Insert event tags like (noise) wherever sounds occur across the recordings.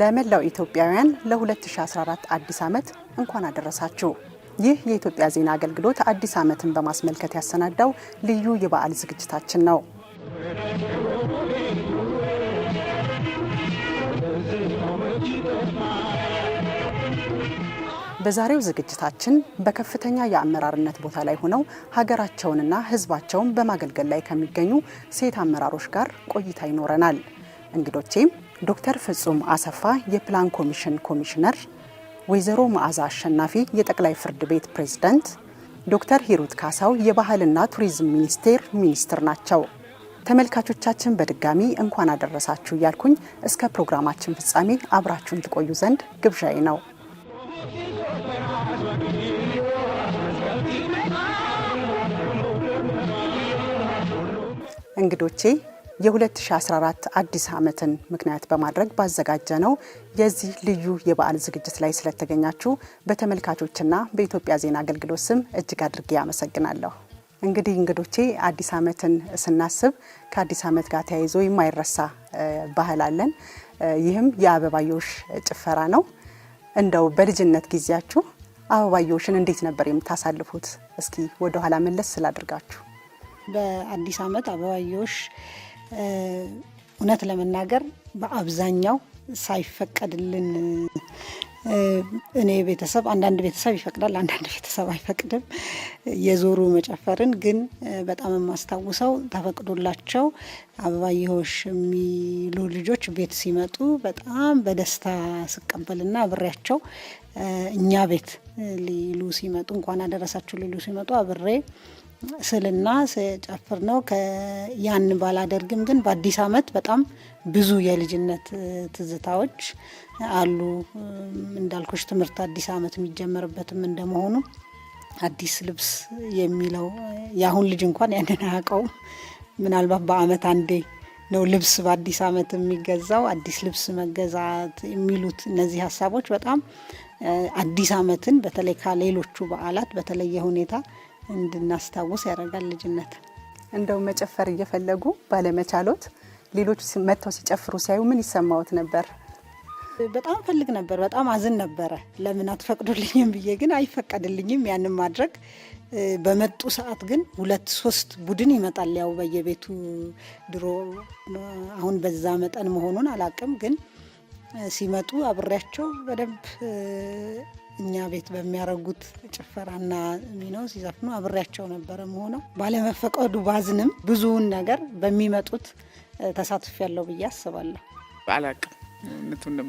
ለመላው ኢትዮጵያውያን ለ2014 አዲስ ዓመት እንኳን አደረሳችሁ። ይህ የኢትዮጵያ ዜና አገልግሎት አዲስ ዓመትን በማስመልከት ያሰናዳው ልዩ የበዓል ዝግጅታችን ነው። በዛሬው ዝግጅታችን በከፍተኛ የአመራርነት ቦታ ላይ ሆነው ሀገራቸውንና ሕዝባቸውን በማገልገል ላይ ከሚገኙ ሴት አመራሮች ጋር ቆይታ ይኖረናል። እንግዶቼም ዶክተር ፍጹም አሰፋ የፕላን ኮሚሽን ኮሚሽነር፣ ወይዘሮ መዓዛ አሸናፊ የጠቅላይ ፍርድ ቤት ፕሬዝዳንት፣ ዶክተር ሂሩት ካሳው የባህልና ቱሪዝም ሚኒስቴር ሚኒስትር ናቸው። ተመልካቾቻችን በድጋሚ እንኳን አደረሳችሁ እያልኩኝ እስከ ፕሮግራማችን ፍጻሜ አብራችሁን ትቆዩ ዘንድ ግብዣዬ ነው። እንግዶቼ የ2014 አዲስ ዓመትን ምክንያት በማድረግ ባዘጋጀ ነው የዚህ ልዩ የበዓል ዝግጅት ላይ ስለተገኛችሁ በተመልካቾችና በኢትዮጵያ ዜና አገልግሎት ስም እጅግ አድርጌ አመሰግናለሁ። እንግዲህ እንግዶቼ አዲስ ዓመትን ስናስብ ከአዲስ ዓመት ጋር ተያይዞ የማይረሳ ባህል አለን። ይህም የአበባዮሽ ጭፈራ ነው። እንደው በልጅነት ጊዜያችሁ አበባዮሽን እንዴት ነበር የምታሳልፉት? እስኪ ወደኋላ መለስ ስላድርጋችሁ በአዲስ ዓመት አበባዮሽ እውነት ለመናገር በአብዛኛው ሳይፈቀድልን እኔ ቤተሰብ አንዳንድ ቤተሰብ ይፈቅዳል፣ አንዳንድ ቤተሰብ አይፈቅድም። የዞሩ መጨፈርን ግን በጣም የማስታውሰው ተፈቅዶላቸው አበባየሆሽ የሚሉ ልጆች ቤት ሲመጡ በጣም በደስታ ስቀበልና አብሬያቸው እኛ ቤት ሊሉ ሲመጡ እንኳን አደረሳችሁ ሊሉ ሲመጡ አብሬ ስልና ስጨፍር ነው። ያን ባላደርግም ግን በአዲስ አመት በጣም ብዙ የልጅነት ትዝታዎች አሉ። እንዳልኩሽ ትምህርት አዲስ አመት የሚጀመርበትም እንደመሆኑ አዲስ ልብስ የሚለው የአሁን ልጅ እንኳን ያንን አያውቀውም። ምናልባት በአመት አንዴ ነው ልብስ በአዲስ አመት የሚገዛው። አዲስ ልብስ መገዛት የሚሉት እነዚህ ሀሳቦች በጣም አዲስ አመትን በተለይ ከሌሎቹ በዓላት በተለየ ሁኔታ እንድናስታውስ ያደርጋል ልጅነት። እንደው መጨፈር እየፈለጉ ባለመቻሎት ሌሎች መጥተው ሲጨፍሩ ሲያዩ ምን ይሰማዎት ነበር? በጣም ፈልግ ነበር። በጣም አዝን ነበረ። ለምን አትፈቅዱልኝም ብዬ ግን አይፈቀድልኝም ያንን ማድረግ። በመጡ ሰዓት ግን ሁለት ሶስት ቡድን ይመጣል። ያው በየቤቱ ድሮ አሁን በዛ መጠን መሆኑን አላቅም፣ ግን ሲመጡ አብሬያቸው በደንብ እኛ ቤት በሚያደርጉት ጭፈራና ሚነው ሲዘፍኑ አብሬያቸው ነበረ መሆነው ባለመፈቀዱ ባዝንም ብዙውን ነገር በሚመጡት ተሳትፍ ያለው ብዬ አስባለሁ። አላቅም እውነቱን ነው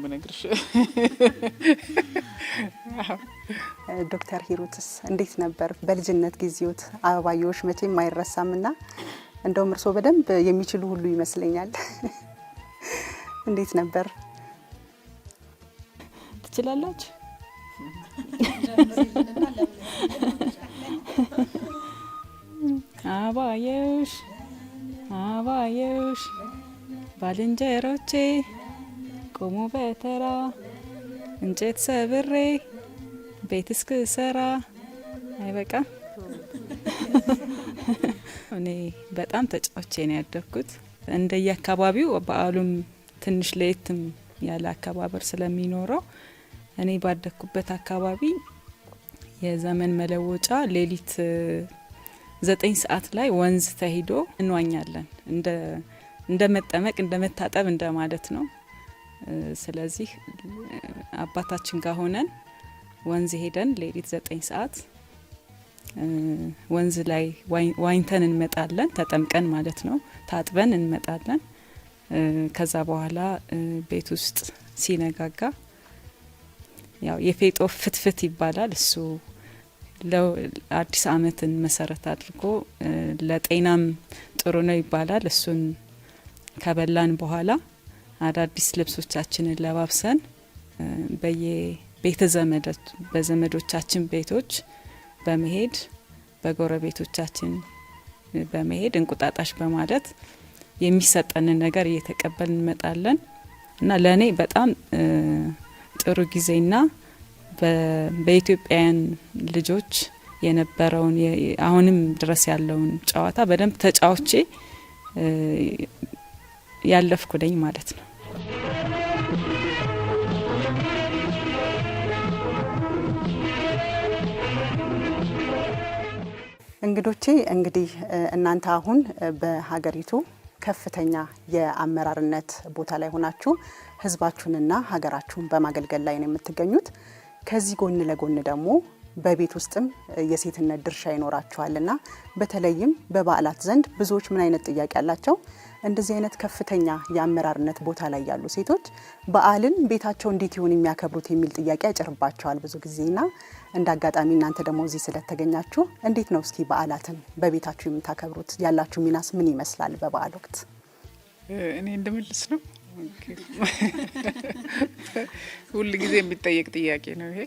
ዶክተር ሂሩትስ እንዴት ነበር በልጅነት ጊዜዎት? አበባየዎች መቼም አይረሳም እና እንደውም እርስዎ በደንብ የሚችሉ ሁሉ ይመስለኛል። እንዴት ነበር ትችላላችሁ? አባየሽ አባየሽ ባልንጀሮቼ ቆሙ በተራ እንጨት ሰብሬ ቤት እስክሰራ አይበቃ እኔ በጣም ተጫውቼ ነው ያደግኩት። እንደየአካባቢው በዓሉም ትንሽ ለየትም ያለ አከባበር ስለሚኖረው እኔ ባደግኩበት አካባቢ የዘመን መለወጫ ሌሊት ዘጠኝ ሰዓት ላይ ወንዝ ተሂዶ እንዋኛለን። እንደ መጠመቅ እንደ መታጠብ እንደ ማለት ነው። ስለዚህ አባታችን ጋር ሆነን ወንዝ ሄደን ሌሊት ዘጠኝ ሰዓት ወንዝ ላይ ዋኝተን እንመጣለን። ተጠምቀን ማለት ነው። ታጥበን እንመጣለን። ከዛ በኋላ ቤት ውስጥ ሲነጋጋ ያው የፌጦ ፍትፍት ይባላል። እሱ አዲስ አመትን መሰረት አድርጎ ለጤናም ጥሩ ነው ይባላል። እሱን ከበላን በኋላ አዳዲስ ልብሶቻችንን ለባብሰን ዘመዶች በዘመዶቻችን ቤቶች በመሄድ በጎረቤቶቻችን በመሄድ እንቁጣጣሽ በማለት የሚሰጠንን ነገር እየተቀበል እንመጣለን እና ለእኔ በጣም ጥሩ ጊዜና በኢትዮጵያውያን ልጆች የነበረውን አሁንም ድረስ ያለውን ጨዋታ በደንብ ተጫዋቼ ያለፍኩ ማለት ነው። እንግዶቼ እንግዲህ እናንተ አሁን በሀገሪቱ ከፍተኛ የአመራርነት ቦታ ላይ ሆናችሁ ህዝባችሁንና ሀገራችሁን በማገልገል ላይ ነው የምትገኙት። ከዚህ ጎን ለጎን ደግሞ በቤት ውስጥም የሴትነት ድርሻ ይኖራችኋልና በተለይም በበዓላት ዘንድ ብዙዎች ምን አይነት ጥያቄ አላቸው? እንደዚህ አይነት ከፍተኛ የአመራርነት ቦታ ላይ ያሉ ሴቶች በዓልን ቤታቸው እንዴት ይሆን የሚያከብሩት የሚል ጥያቄ ያጭርባቸዋል ብዙ ጊዜና እንደ አጋጣሚ እናንተ ደግሞ እዚህ ስለተገኛችሁ እንዴት ነው እስኪ በዓላትን በቤታችሁ የምታከብሩት? ያላችሁ ሚናስ ምን ይመስላል? በበዓል ወቅት እኔ እንድመልስ ነው ሁል ጊዜ የሚጠየቅ ጥያቄ ነው ይሄ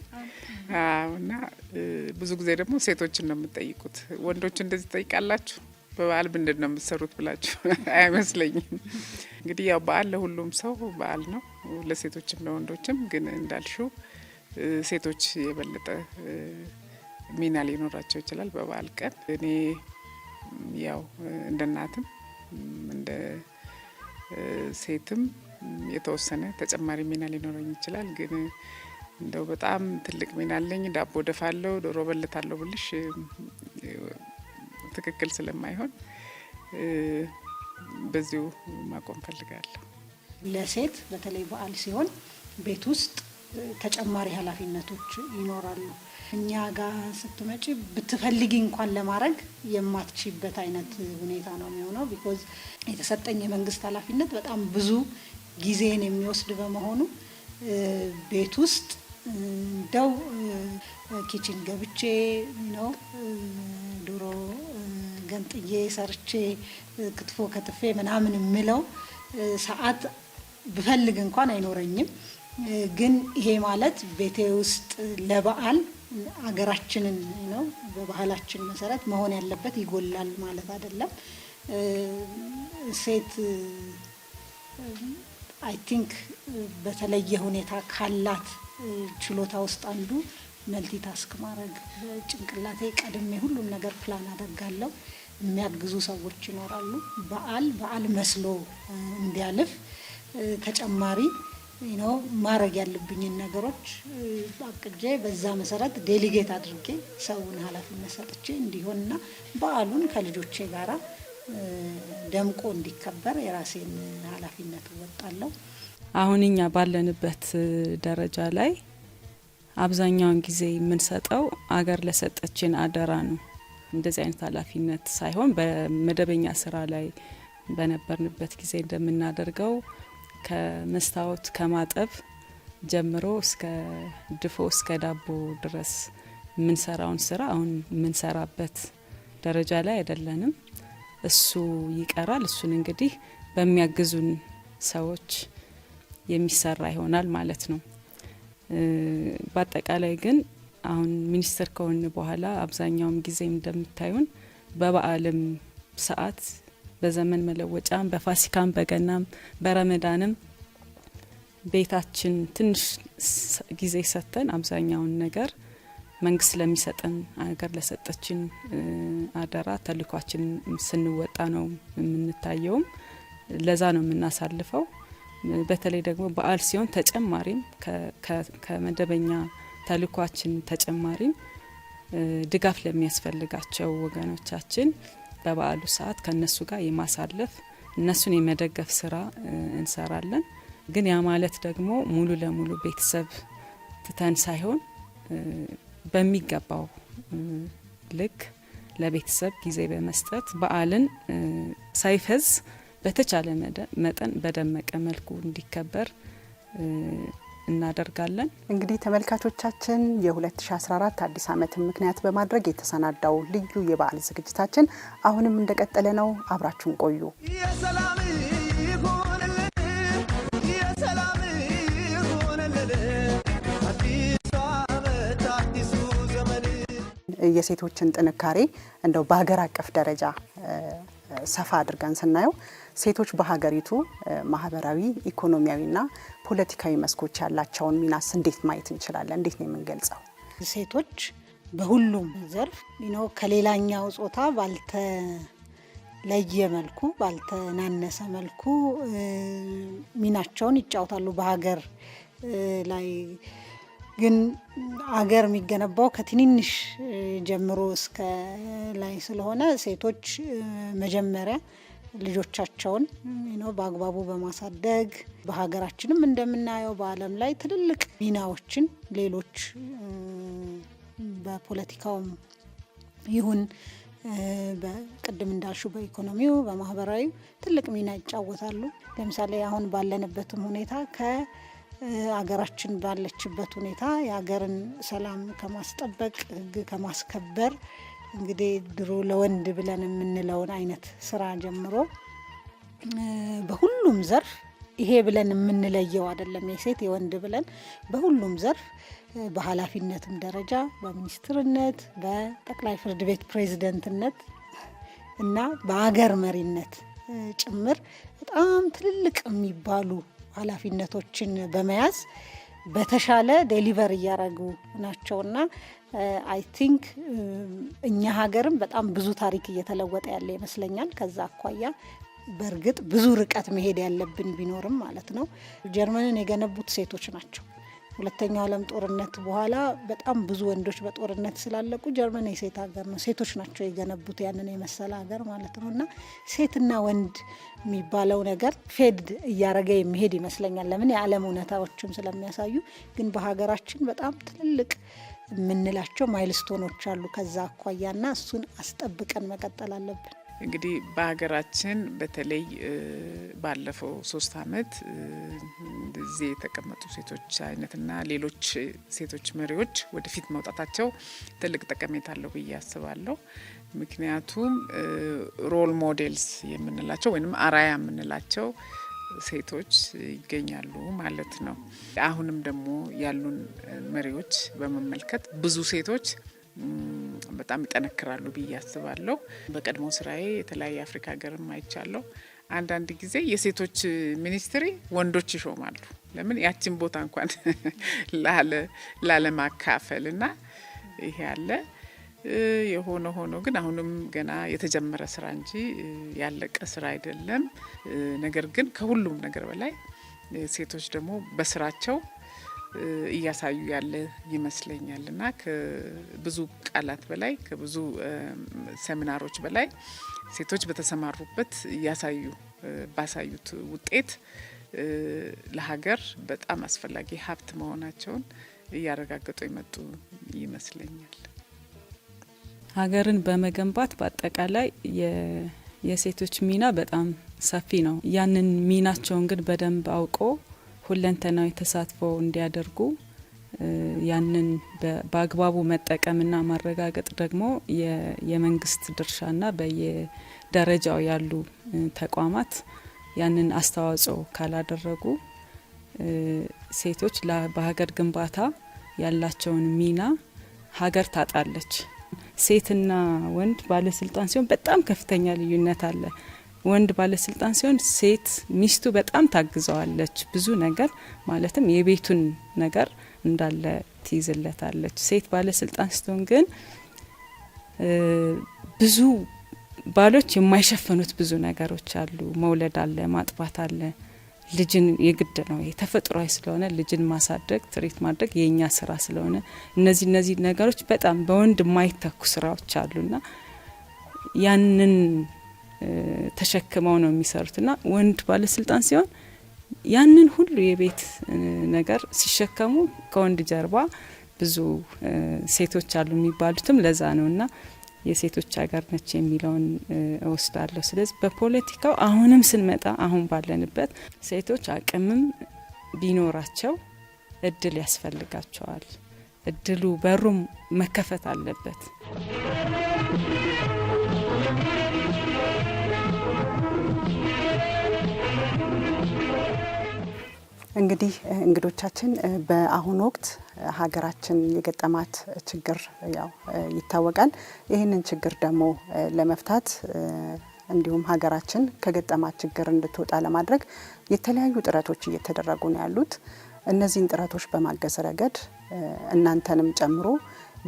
እና ብዙ ጊዜ ደግሞ ሴቶችን ነው የምጠይቁት። ወንዶች እንደዚህ ትጠይቃላችሁ በበዓል ምንድን ነው የምትሰሩት ብላችሁ (laughs) አይመስለኝም። እንግዲህ ያው በዓል ለሁሉም ሰው በዓል ነው፣ ለሴቶችም ለወንዶችም። ግን እንዳልሽው ሴቶች የበለጠ ሚና ሊኖራቸው ይችላል በበዓል ቀን። እኔ ያው እንደ እናትም እንደ ሴትም የተወሰነ ተጨማሪ ሚና ሊኖረኝ ይችላል። ግን እንደው በጣም ትልቅ ሚና አለኝ፣ ዳቦ ደፋለው፣ ዶሮ በልታለሁ ብልሽ ትክክል ስለማይሆን በዚሁ ማቆም ፈልጋለሁ። ለሴት በተለይ በዓል ሲሆን ቤት ውስጥ ተጨማሪ ኃላፊነቶች ይኖራሉ። እኛ ጋር ስትመጪ ብትፈልጊ እንኳን ለማድረግ የማትችበት አይነት ሁኔታ ነው የሚሆነው። ቢኮዝ የተሰጠኝ የመንግስት ኃላፊነት በጣም ብዙ ጊዜን የሚወስድ በመሆኑ ቤት ውስጥ እንደው ኪችን ገብቼ ነው ዶሮ ገንጥዬ ሰርቼ ክትፎ ከትፌ ምናምን የምለው ሰዓት ብፈልግ እንኳን አይኖረኝም። ግን ይሄ ማለት ቤቴ ውስጥ ለበዓል አገራችንን ነው በባህላችን መሰረት መሆን ያለበት ይጎላል ማለት አይደለም። ሴት አይ ቲንክ በተለየ ሁኔታ ካላት ችሎታ ውስጥ አንዱ መልቲ ታስክ ማድረግ። ጭንቅላቴ ቀድሜ ሁሉም ነገር ፕላን አደርጋለሁ። የሚያግዙ ሰዎች ይኖራሉ። በዓል በዓል መስሎ እንዲያልፍ ተጨማሪ ነው ማድረግ ያለብኝን ነገሮች አቅጄ በዛ መሰረት ዴሊጌት አድርጌ ሰውን ኃላፊነት ሰጥቼ እንዲሆንና በዓሉን ከልጆቼ ጋራ ደምቆ እንዲከበር የራሴን ኃላፊነት እወጣለሁ። አሁን እኛ ባለንበት ደረጃ ላይ አብዛኛውን ጊዜ የምንሰጠው አገር ለሰጠችን አደራ ነው። እንደዚህ አይነት ኃላፊነት ሳይሆን በመደበኛ ስራ ላይ በነበርንበት ጊዜ እንደምናደርገው ከመስታወት ከማጠብ ጀምሮ እስከ ድፎ እስከ ዳቦ ድረስ የምንሰራውን ስራ አሁን የምንሰራበት ደረጃ ላይ አይደለንም። እሱ ይቀራል። እሱን እንግዲህ በሚያግዙን ሰዎች የሚሰራ ይሆናል ማለት ነው። በአጠቃላይ ግን አሁን ሚኒስትር ከሆን በኋላ አብዛኛውም ጊዜ እንደምታዩን በበዓልም ሰዓት በዘመን መለወጫም በፋሲካም በገናም በረመዳንም ቤታችን ትንሽ ጊዜ ሰጥተን አብዛኛውን ነገር መንግስት ለሚሰጠን አገር ለሰጠችን አደራ ተልኳችን ስንወጣ ነው የምንታየውም። ለዛ ነው የምናሳልፈው። በተለይ ደግሞ በዓል ሲሆን ተጨማሪም ከመደበኛ ተልኳችን ተጨማሪም ድጋፍ ለሚያስፈልጋቸው ወገኖቻችን በበዓሉ ሰዓት ከእነሱ ጋር የማሳለፍ እነሱን የመደገፍ ስራ እንሰራለን። ግን ያ ማለት ደግሞ ሙሉ ለሙሉ ቤተሰብ ትተን ሳይሆን በሚገባው ልክ ለቤተሰብ ጊዜ በመስጠት በዓልን ሳይፈዝ በተቻለ መጠን በደመቀ መልኩ እንዲከበር እናደርጋለን። እንግዲህ ተመልካቾቻችን የ2014 አዲስ ዓመትን ምክንያት በማድረግ የተሰናዳው ልዩ የበዓል ዝግጅታችን አሁንም እንደቀጠለ ነው። አብራችሁን ቆዩ። የሴቶችን ጥንካሬ እንደው በሀገር አቀፍ ደረጃ ሰፋ አድርገን ስናየው ሴቶች በሀገሪቱ ማህበራዊ፣ ኢኮኖሚያዊና ፖለቲካዊ መስኮች ያላቸውን ሚናስ እንዴት ማየት እንችላለን? እንዴት ነው የምንገልጸው? ሴቶች በሁሉም ዘርፍ ነው ከሌላኛው ጾታ ባልተለየ መልኩ ባልተናነሰ መልኩ ሚናቸውን ይጫወታሉ በሀገር ላይ ግን አገር የሚገነባው ከትንንሽ ጀምሮ እስከ ላይ ስለሆነ ሴቶች መጀመሪያ ልጆቻቸውን በአግባቡ በማሳደግ በሀገራችንም እንደምናየው በዓለም ላይ ትልልቅ ሚናዎችን ሌሎች በፖለቲካውም ይሁን በቅድም እንዳልሹ በኢኮኖሚው በማህበራዊ ትልቅ ሚና ይጫወታሉ። ለምሳሌ አሁን ባለንበትም ሁኔታ ከአገራችን ባለችበት ሁኔታ የሀገርን ሰላም ከማስጠበቅ ሕግ ከማስከበር እንግዲህ ድሮ ለወንድ ብለን የምንለውን አይነት ስራ ጀምሮ በሁሉም ዘርፍ ይሄ ብለን የምንለየው አይደለም። የሴት የወንድ ብለን በሁሉም ዘርፍ በኃላፊነትም ደረጃ በሚኒስትርነት፣ በጠቅላይ ፍርድ ቤት ፕሬዝደንትነት እና በአገር መሪነት ጭምር በጣም ትልልቅ የሚባሉ ኃላፊነቶችን በመያዝ በተሻለ ዴሊቨር እያደረጉ ናቸውና አይ ቲንክ እኛ ሀገርም በጣም ብዙ ታሪክ እየተለወጠ ያለ ይመስለኛል። ከዛ አኳያ በእርግጥ ብዙ ርቀት መሄድ ያለብን ቢኖርም ማለት ነው። ጀርመንን የገነቡት ሴቶች ናቸው። ሁለተኛው ዓለም ጦርነት በኋላ በጣም ብዙ ወንዶች በጦርነት ስላለቁ ጀርመን የሴት ሀገር ነው። ሴቶች ናቸው የገነቡት ያንን የመሰለ ሀገር ማለት ነው። እና ሴትና ወንድ የሚባለው ነገር ፌድ እያረገ የሚሄድ ይመስለኛል። ለምን የዓለም እውነታዎችም ስለሚያሳዩ። ግን በሀገራችን በጣም ትልልቅ የምንላቸው ማይልስቶኖች አሉ ከዛ አኳያ ና እሱን አስጠብቀን መቀጠል አለብን። እንግዲህ በሀገራችን በተለይ ባለፈው ሶስት አመት እዚህ የተቀመጡ ሴቶች ና ሌሎች ሴቶች መሪዎች ወደፊት መውጣታቸው ትልቅ ጠቀሜታ አለው ብዬ አስባለሁ። ምክንያቱም ሮል ሞዴልስ የምንላቸው ወይም አራያ የምንላቸው ሴቶች ይገኛሉ ማለት ነው። አሁንም ደግሞ ያሉን መሪዎች በመመልከት ብዙ ሴቶች በጣም ይጠነክራሉ ብዬ አስባለሁ። በቀድሞ ስራዬ የተለያየ አፍሪካ ሀገርም አይቻለሁ። አንዳንድ ጊዜ የሴቶች ሚኒስትሪ ወንዶች ይሾማሉ። ለምን ያችን ቦታ እንኳን (laughs) ላለማካፈል እና ይሄ አለ የሆነ ሆኖ ግን አሁንም ገና የተጀመረ ስራ እንጂ ያለቀ ስራ አይደለም። ነገር ግን ከሁሉም ነገር በላይ ሴቶች ደግሞ በስራቸው እያሳዩ ያለ ይመስለኛል እና ከብዙ ቃላት በላይ ከብዙ ሰሚናሮች በላይ ሴቶች በተሰማሩበት እያሳዩ ባሳዩት ውጤት ለሀገር በጣም አስፈላጊ ሀብት መሆናቸውን እያረጋገጡ የመጡ ይመስለኛል። ሀገርን በመገንባት በአጠቃላይ የሴቶች ሚና በጣም ሰፊ ነው። ያንን ሚናቸውን ግን በደንብ አውቆ ሁለንተናዊ ተሳትፎ እንዲያደርጉ ያንን በአግባቡ መጠቀምና ማረጋገጥ ደግሞ የመንግስት ድርሻና በየደረጃው ያሉ ተቋማት ያንን አስተዋጽኦ ካላደረጉ ሴቶች በሀገር ግንባታ ያላቸውን ሚና ሀገር ታጣለች። ሴትና ወንድ ባለስልጣን ሲሆን በጣም ከፍተኛ ልዩነት አለ። ወንድ ባለስልጣን ሲሆን ሴት ሚስቱ በጣም ታግዘዋለች። ብዙ ነገር ማለትም የቤቱን ነገር እንዳለ ትይዝለታለች። ሴት ባለስልጣን ስትሆን ግን ብዙ ባሎች የማይሸፍኑት ብዙ ነገሮች አሉ። መውለድ አለ፣ ማጥባት አለ ልጅን የግድ ነው የተፈጥሯዊ ስለሆነ ልጅን ማሳደግ ትሪት ማድረግ የእኛ ስራ ስለሆነ እነዚህ እነዚህ ነገሮች በጣም በወንድ የማይተኩ ስራዎች አሉና ያንን ተሸክመው ነው የሚሰሩትና ወንድ ባለስልጣን ሲሆን ያንን ሁሉ የቤት ነገር ሲሸከሙ ከወንድ ጀርባ ብዙ ሴቶች አሉ የሚባሉትም ለዛ ነውና የሴቶች ሀገር ነች የሚለውን እወስዳለሁ። ስለዚህ በፖለቲካው አሁንም ስንመጣ አሁን ባለንበት ሴቶች አቅምም ቢኖራቸው እድል ያስፈልጋቸዋል። እድሉ በሩም መከፈት አለበት። እንግዲህ እንግዶቻችን በአሁኑ ወቅት ሀገራችን የገጠማት ችግር ያው ይታወቃል። ይህንን ችግር ደግሞ ለመፍታት እንዲሁም ሀገራችን ከገጠማት ችግር እንድትወጣ ለማድረግ የተለያዩ ጥረቶች እየተደረጉ ነው ያሉት። እነዚህን ጥረቶች በማገዝ ረገድ እናንተንም ጨምሮ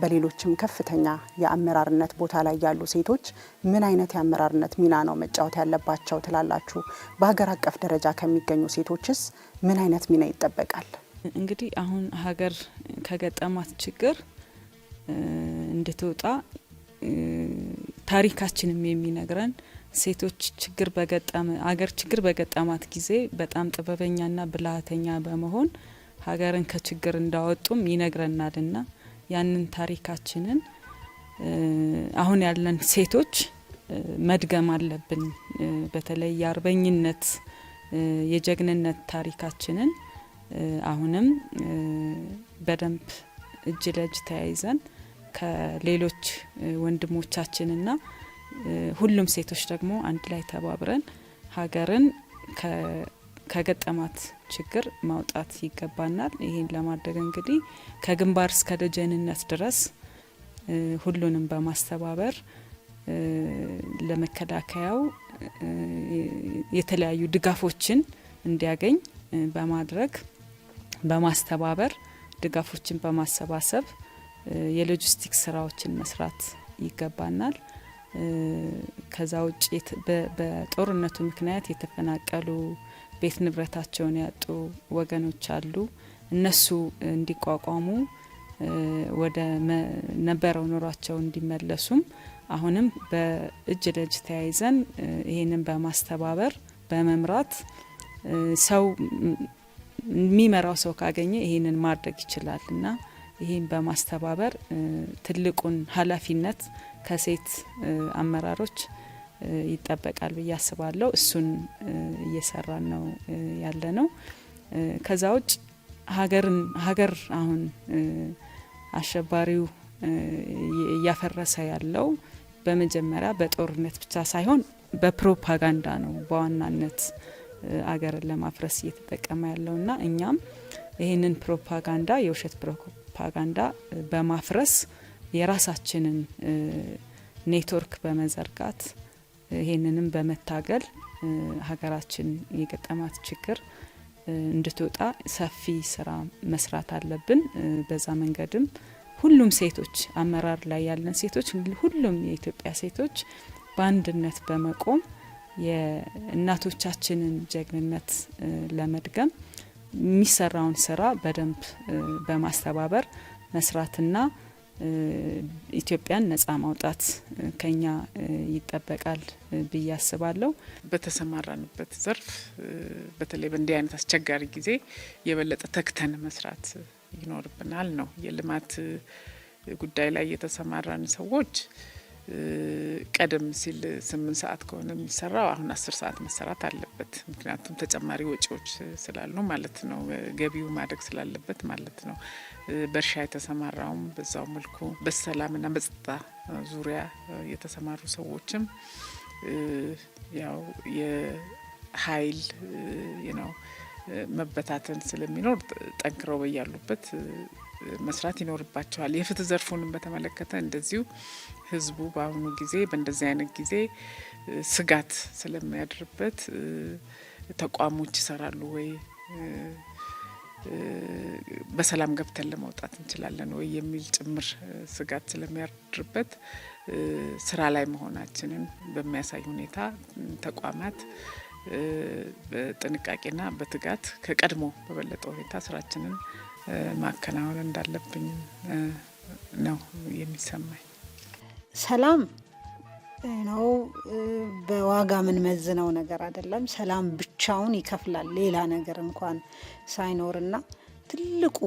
በሌሎችም ከፍተኛ የአመራርነት ቦታ ላይ ያሉ ሴቶች ምን አይነት የአመራርነት ሚና ነው መጫወት ያለባቸው ትላላችሁ? በሀገር አቀፍ ደረጃ ከሚገኙ ሴቶችስ ምን አይነት ሚና ይጠበቃል? እንግዲህ አሁን ሀገር ከገጠማት ችግር እንድትወጣ ታሪካችንም የሚነግረን ሴቶች ችግር በገጠመ ሀገር ችግር በገጠማት ጊዜ በጣም ጥበበኛና ብልሃተኛ በመሆን ሀገርን ከችግር እንዳወጡም ይነግረናልና ያንን ታሪካችንን አሁን ያለን ሴቶች መድገም አለብን። በተለይ የአርበኝነት የጀግንነት ታሪካችንን አሁንም በደንብ እጅ ለእጅ ተያይዘን ከሌሎች ወንድሞቻችንና ሁሉም ሴቶች ደግሞ አንድ ላይ ተባብረን ሀገርን ከገጠማት ችግር ማውጣት ይገባናል። ይህን ለማድረግ እንግዲህ ከግንባር እስከ ደጀንነት ድረስ ሁሉንም በማስተባበር ለመከላከያው የተለያዩ ድጋፎችን እንዲያገኝ በማድረግ በማስተባበር ድጋፎችን በማሰባሰብ የሎጂስቲክስ ስራዎችን መስራት ይገባናል። ከዛ ውጭ በጦርነቱ ምክንያት የተፈናቀሉ ቤት ንብረታቸውን ያጡ ወገኖች አሉ። እነሱ እንዲቋቋሙ ወደ ነበረው ኑሯቸው እንዲመለሱም አሁንም በእጅ ለእጅ ተያይዘን ይህንን በማስተባበር በመምራት ሰው የሚመራው ሰው ካገኘ ይህንን ማድረግ ይችላል እና ይህን በማስተባበር ትልቁን ኃላፊነት ከሴት አመራሮች ይጠበቃል ብዬ አስባለሁ። እሱን እየሰራን ነው ያለ ነው። ከዛ ውጭ ሀገርን ሀገር አሁን አሸባሪው እያፈረሰ ያለው በመጀመሪያ በጦርነት ብቻ ሳይሆን በፕሮፓጋንዳ ነው በዋናነት አገርን ለማፍረስ እየተጠቀመ ያለው እና እኛም ይህንን ፕሮፓጋንዳ የውሸት ፕሮፓጋንዳ በማፍረስ የራሳችንን ኔትወርክ በመዘርጋት ይህንንም በመታገል ሀገራችን የገጠማት ችግር እንድትወጣ ሰፊ ስራ መስራት አለብን። በዛ መንገድም ሁሉም ሴቶች አመራር ላይ ያለን ሴቶች ሁሉም የኢትዮጵያ ሴቶች በአንድነት በመቆም የእናቶቻችንን ጀግንነት ለመድገም የሚሰራውን ስራ በደንብ በማስተባበር መስራትና ኢትዮጵያን ነጻ ማውጣት ከኛ ይጠበቃል ብዬ አስባለሁ። በተሰማራንበት ዘርፍ በተለይ በእንዲህ አይነት አስቸጋሪ ጊዜ የበለጠ ተግተን መስራት ይኖርብናል ነው። የልማት ጉዳይ ላይ የተሰማራን ሰዎች ቀደም ሲል ስምንት ሰዓት ከሆነ የሚሰራው አሁን አስር ሰዓት መሰራት አለበት። ምክንያቱም ተጨማሪ ወጪዎች ስላሉ ማለት ነው። ገቢው ማደግ ስላለበት ማለት ነው። በእርሻ የተሰማራውም በዛው መልኩ በሰላምና በጸጥታ ዙሪያ የተሰማሩ ሰዎችም ያው የኃይል ነው መበታተን ስለሚኖር ጠንክረው በያሉበት መስራት ይኖርባቸዋል። የፍትህ ዘርፉንም በተመለከተ እንደዚሁ ህዝቡ በአሁኑ ጊዜ በእንደዚህ አይነት ጊዜ ስጋት ስለሚያድርበት ተቋሞች ይሰራሉ ወይ በሰላም ገብተን ለመውጣት እንችላለን ወይ የሚል ጭምር ስጋት ስለሚያድርበት ስራ ላይ መሆናችንን በሚያሳይ ሁኔታ ተቋማት በጥንቃቄና በትጋት ከቀድሞ በበለጠ ሁኔታ ስራችንን ማከናወን እንዳለብኝ ነው የሚሰማኝ። ሰላም ነው። በዋጋ የምንመዝነው ነገር አይደለም። ሰላም ብቻውን ይከፍላል፣ ሌላ ነገር እንኳን ሳይኖርና ትልቁ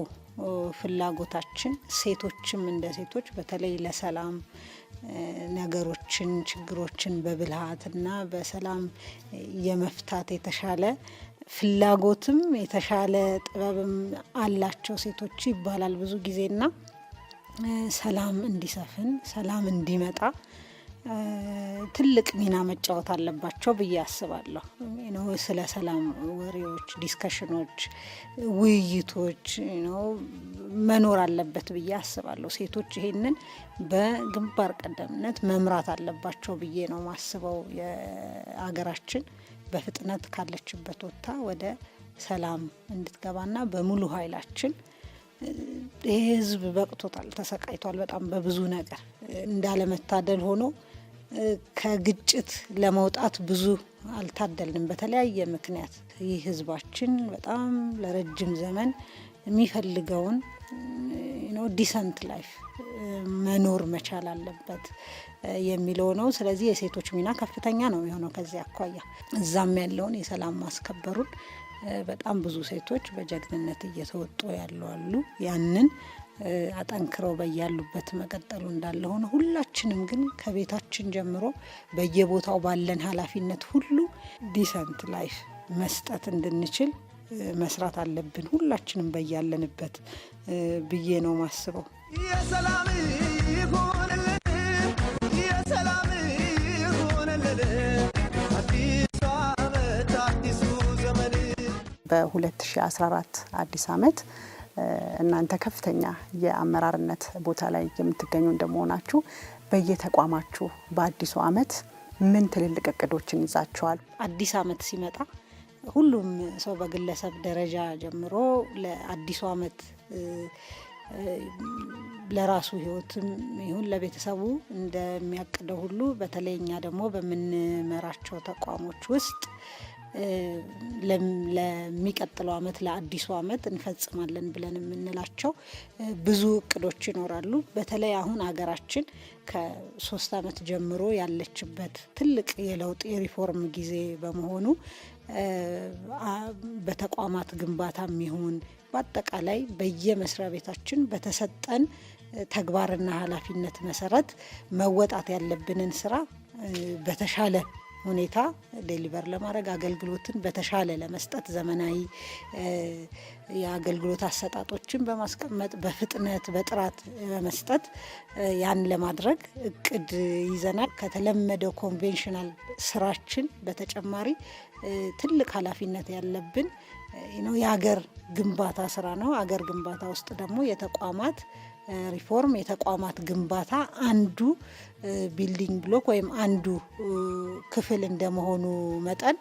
ፍላጎታችን ሴቶችም እንደ ሴቶች በተለይ ለሰላም ነገሮችን ችግሮችን በብልሃትና በሰላም የመፍታት የተሻለ ፍላጎትም የተሻለ ጥበብም አላቸው ሴቶች ይባላል ብዙ ጊዜና ሰላም እንዲሰፍን ሰላም እንዲመጣ ትልቅ ሚና መጫወት አለባቸው ብዬ አስባለሁ። ስለ ሰላም ወሬዎች፣ ዲስከሽኖች፣ ውይይቶች መኖር አለበት ብዬ አስባለሁ። ሴቶች ይሄንን በግንባር ቀደምነት መምራት አለባቸው ብዬ ነው ማስበው። የሀገራችን በፍጥነት ካለችበት ወጥታ ወደ ሰላም እንድትገባና በሙሉ ኃይላችን ይህ ህዝብ በቅቶታል፣ ተሰቃይቷል በጣም በብዙ ነገር እንዳለመታደል ሆኖ ከግጭት ለመውጣት ብዙ አልታደልንም። በተለያየ ምክንያት ይህ ህዝባችን በጣም ለረጅም ዘመን የሚፈልገውን ዲሰንት ላይፍ መኖር መቻል አለበት የሚለው ነው። ስለዚህ የሴቶች ሚና ከፍተኛ ነው የሆነው። ከዚህ አኳያ እዛም ያለውን የሰላም ማስከበሩን በጣም ብዙ ሴቶች በጀግንነት እየተወጡ ያለዋሉ ያንን አጠንክረው በያሉበት መቀጠሉ እንዳለ ሆነ ሁላችንም ግን ከቤታችን ጀምሮ በየቦታው ባለን ኃላፊነት ሁሉ ዲሰንት ላይፍ መስጠት እንድንችል መስራት አለብን ሁላችንም በያለንበት ብዬ ነው ማስበው። የሰላም ይሁንልን፣ የሰላም ይሁንልን። በ2014 አዲስ ዓመት እናንተ ከፍተኛ የአመራርነት ቦታ ላይ የምትገኙ እንደመሆናችሁ በየተቋማችሁ በአዲሱ አመት ምን ትልልቅ እቅዶችን ይዛችኋል? አዲስ አመት ሲመጣ ሁሉም ሰው በግለሰብ ደረጃ ጀምሮ ለአዲሱ አመት ለራሱ ህይወትም ይሁን ለቤተሰቡ እንደሚያቅደው ሁሉ በተለይ እኛ ደግሞ በምንመራቸው ተቋሞች ውስጥ ለሚቀጥለው አመት ለአዲሱ አመት እንፈጽማለን ብለን የምንላቸው ብዙ እቅዶች ይኖራሉ። በተለይ አሁን ሀገራችን ከሶስት አመት ጀምሮ ያለችበት ትልቅ የለውጥ የሪፎርም ጊዜ በመሆኑ በተቋማት ግንባታም ይሁን በአጠቃላይ በየመስሪያ ቤታችን በተሰጠን ተግባርና ኃላፊነት መሰረት መወጣት ያለብንን ስራ በተሻለ ሁኔታ ዴሊቨር ለማድረግ አገልግሎትን በተሻለ ለመስጠት ዘመናዊ የአገልግሎት አሰጣጦችን በማስቀመጥ በፍጥነት በጥራት በመስጠት ያን ለማድረግ እቅድ ይዘናል። ከተለመደው ኮንቬንሽናል ስራችን በተጨማሪ ትልቅ ኃላፊነት ያለብን ነው የአገር ግንባታ ስራ ነው። አገር ግንባታ ውስጥ ደግሞ የተቋማት ሪፎርም የተቋማት ግንባታ አንዱ ቢልዲንግ ብሎክ ወይም አንዱ ክፍል እንደመሆኑ መጠን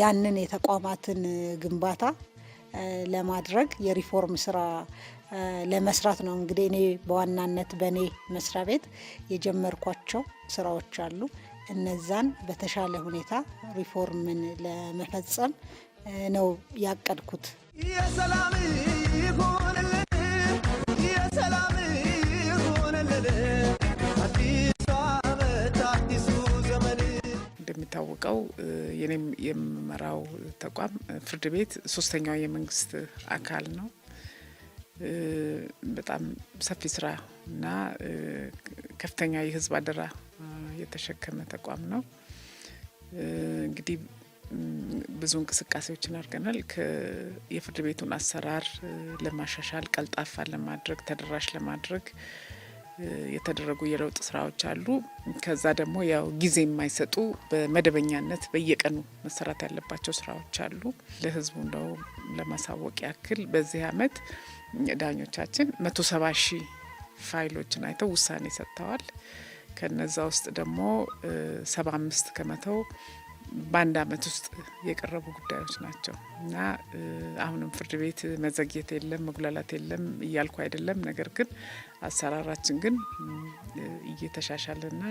ያንን የተቋማትን ግንባታ ለማድረግ የሪፎርም ስራ ለመስራት ነው። እንግዲህ እኔ በዋናነት በእኔ መስሪያ ቤት የጀመርኳቸው ስራዎች አሉ። እነዛን በተሻለ ሁኔታ ሪፎርምን ለመፈጸም ነው ያቀድኩት። እንደሚታወቀው የኔም የምመራው ተቋም ፍርድ ቤት ሶስተኛው የመንግስት አካል ነው። በጣም ሰፊ ስራ እና ከፍተኛ የህዝብ አደራ የተሸከመ ተቋም ነው። እንግዲህ ብዙ እንቅስቃሴዎችን አድርገናል። የፍርድ ቤቱን አሰራር ለማሻሻል፣ ቀልጣፋ ለማድረግ፣ ተደራሽ ለማድረግ የተደረጉ የለውጥ ስራዎች አሉ። ከዛ ደግሞ ያው ጊዜ የማይሰጡ በመደበኛነት በየቀኑ መሰራት ያለባቸው ስራዎች አሉ። ለህዝቡ እንደው ለማሳወቅ ያክል በዚህ አመት ዳኞቻችን መቶ ሰባ ሺህ ፋይሎችን አይተው ውሳኔ ሰጥተዋል። ከነዛ ውስጥ ደግሞ ሰባ አምስት ከመተው በአንድ አመት ውስጥ የቀረቡ ጉዳዮች ናቸው እና አሁንም ፍርድ ቤት መዘግየት የለም መጉላላት የለም እያልኩ አይደለም። ነገር ግን አሰራራችን ግን እየተሻሻለና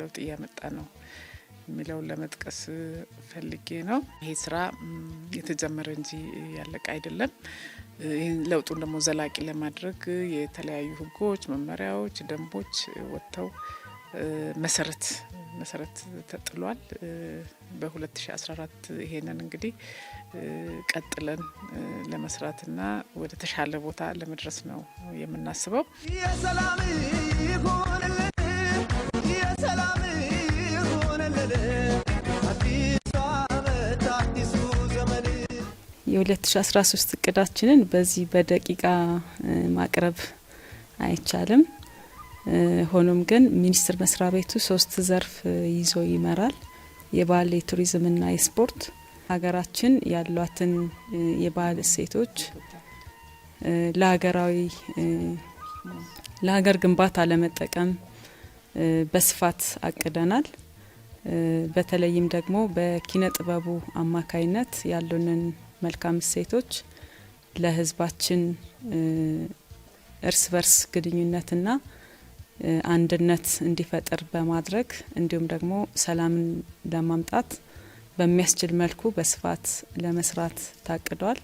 ለውጥ እያመጣ ነው የሚለውን ለመጥቀስ ፈልጌ ነው። ይሄ ስራ የተጀመረ እንጂ ያለቀ አይደለም። ይህን ለውጡን ደግሞ ዘላቂ ለማድረግ የተለያዩ ህጎች፣ መመሪያዎች፣ ደንቦች ወጥተው መሰረት መሰረት ተጥሏል። በ2014 ይሄንን እንግዲህ ቀጥለን ለመስራትና ወደ ተሻለ ቦታ ለመድረስ ነው የምናስበው። የሰላም ይሁንልን፣ የሰላም ይሁንልን። የ2013 እቅዳችንን በዚህ በደቂቃ ማቅረብ አይቻልም። ሆኖም ግን ሚኒስቴር መስሪያ ቤቱ ሶስት ዘርፍ ይዞ ይመራል። የባህል የቱሪዝምና የስፖርት ሀገራችን ያሏትን የባህል እሴቶች ለሀገራዊ ለሀገር ግንባታ ለመጠቀም በስፋት አቅደናል። በተለይም ደግሞ በኪነ ጥበቡ አማካይነት ያሉንን መልካም እሴቶች ለሕዝባችን እርስ በርስ ግንኙነትና አንድነት እንዲፈጠር በማድረግ እንዲሁም ደግሞ ሰላምን ለማምጣት በሚያስችል መልኩ በስፋት ለመስራት ታቅዷል።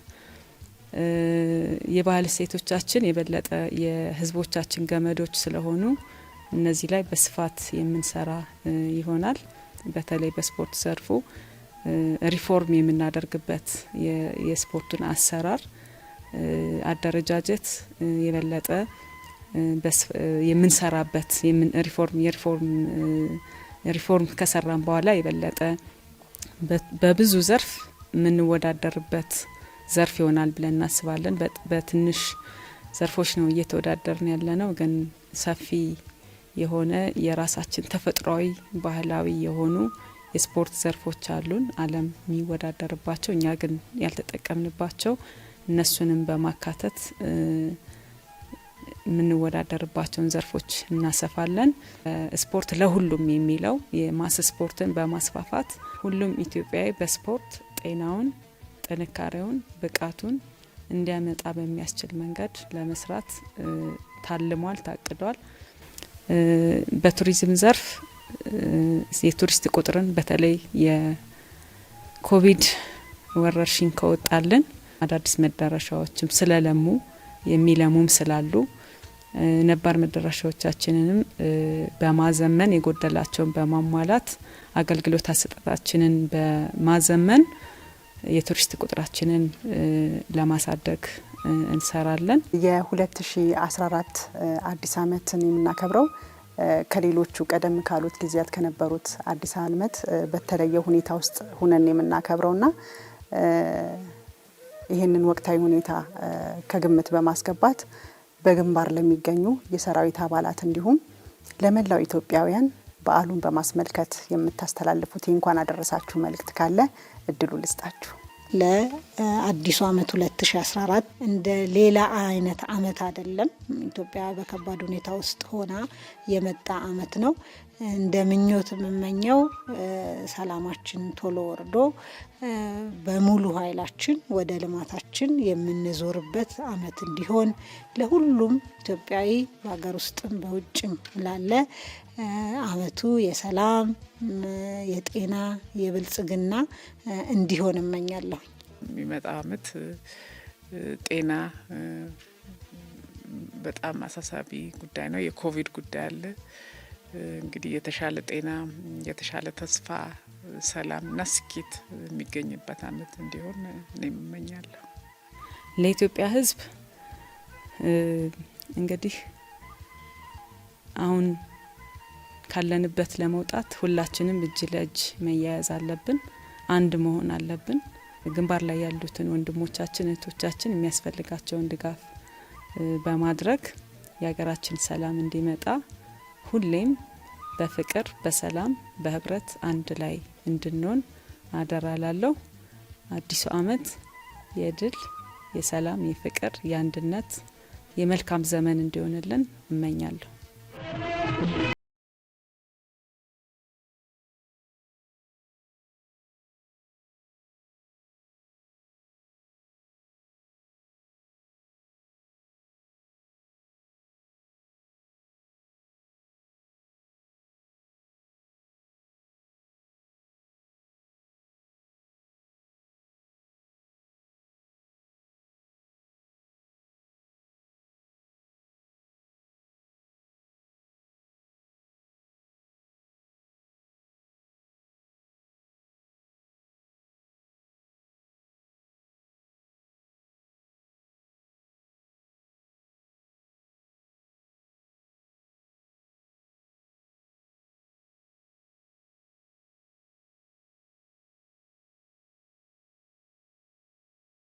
የባህል እሴቶቻችን የበለጠ የህዝቦቻችን ገመዶች ስለሆኑ እነዚህ ላይ በስፋት የምንሰራ ይሆናል። በተለይ በስፖርት ዘርፉ ሪፎርም የምናደርግበት የስፖርቱን አሰራር አደረጃጀት የበለጠ የምንሰራበት ሪፎርም ሪፎርም ከሰራን በኋላ የበለጠ በብዙ ዘርፍ የምንወዳደርበት ዘርፍ ይሆናል ብለን እናስባለን። በትንሽ ዘርፎች ነው እየተወዳደርን ያለ ነው፣ ግን ሰፊ የሆነ የራሳችን ተፈጥሯዊ ባህላዊ የሆኑ የስፖርት ዘርፎች አሉን ዓለም የሚወዳደርባቸው እኛ ግን ያልተጠቀምንባቸው እነሱንም በማካተት የምንወዳደርባቸውን ዘርፎች እናሰፋለን። ስፖርት ለሁሉም የሚለው የማስ ስፖርትን በማስፋፋት ሁሉም ኢትዮጵያዊ በስፖርት ጤናውን፣ ጥንካሬውን፣ ብቃቱን እንዲያመጣ በሚያስችል መንገድ ለመስራት ታልሟል፣ ታቅዷል። በቱሪዝም ዘርፍ የቱሪስት ቁጥርን በተለይ የኮቪድ ወረርሽኝ ከወጣልን አዳዲስ መዳረሻዎችም ስለለሙ የሚለሙም ስላሉ ነባር መዳረሻዎቻችንንም በማዘመን የጎደላቸውን በማሟላት አገልግሎት አሰጣጣችንን በማዘመን የቱሪስት ቁጥራችንን ለማሳደግ እንሰራለን። የ2014 አዲስ ዓመትን የምናከብረው ከሌሎቹ ቀደም ካሉት ጊዜያት ከነበሩት አዲስ ዓመት በተለየ ሁኔታ ውስጥ ሁነን የምናከብረውና ይህንን ወቅታዊ ሁኔታ ከግምት በማስገባት በግንባር ለሚገኙ የሰራዊት አባላት እንዲሁም ለመላው ኢትዮጵያውያን በዓሉን በማስመልከት የምታስተላልፉት እንኳን አደረሳችሁ መልእክት ካለ እድሉ ልስጣችሁ። ለአዲሱ ዓመት 2014 እንደ ሌላ አይነት ዓመት አይደለም። ኢትዮጵያ በከባድ ሁኔታ ውስጥ ሆና የመጣ ዓመት ነው። እንደ ምኞት የምመኘው ሰላማችን ቶሎ ወርዶ በሙሉ ኃይላችን ወደ ልማታችን የምንዞርበት አመት እንዲሆን ለሁሉም ኢትዮጵያዊ በሀገር ውስጥም በውጭም ላለ አመቱ የሰላም፣ የጤና፣ የብልጽግና እንዲሆን እመኛለሁ። የሚመጣ አመት ጤና በጣም አሳሳቢ ጉዳይ ነው። የኮቪድ ጉዳይ አለ። እንግዲህ የተሻለ ጤና፣ የተሻለ ተስፋ፣ ሰላምና ስኬት የሚገኝበት አመት እንዲሆን እኔም እመኛለሁ። ለኢትዮጵያ ሕዝብ እንግዲህ አሁን ካለንበት ለመውጣት ሁላችንም እጅ ለእጅ መያያዝ አለብን። አንድ መሆን አለብን። ግንባር ላይ ያሉትን ወንድሞቻችን እህቶቻችን የሚያስፈልጋቸውን ድጋፍ በማድረግ የሀገራችን ሰላም እንዲመጣ ሁሌም በፍቅር በሰላም በህብረት አንድ ላይ እንድንሆን አደራ አዲሱ አመት የድል የሰላም የፍቅር የአንድነት የመልካም ዘመን እንዲሆንልን እመኛለሁ።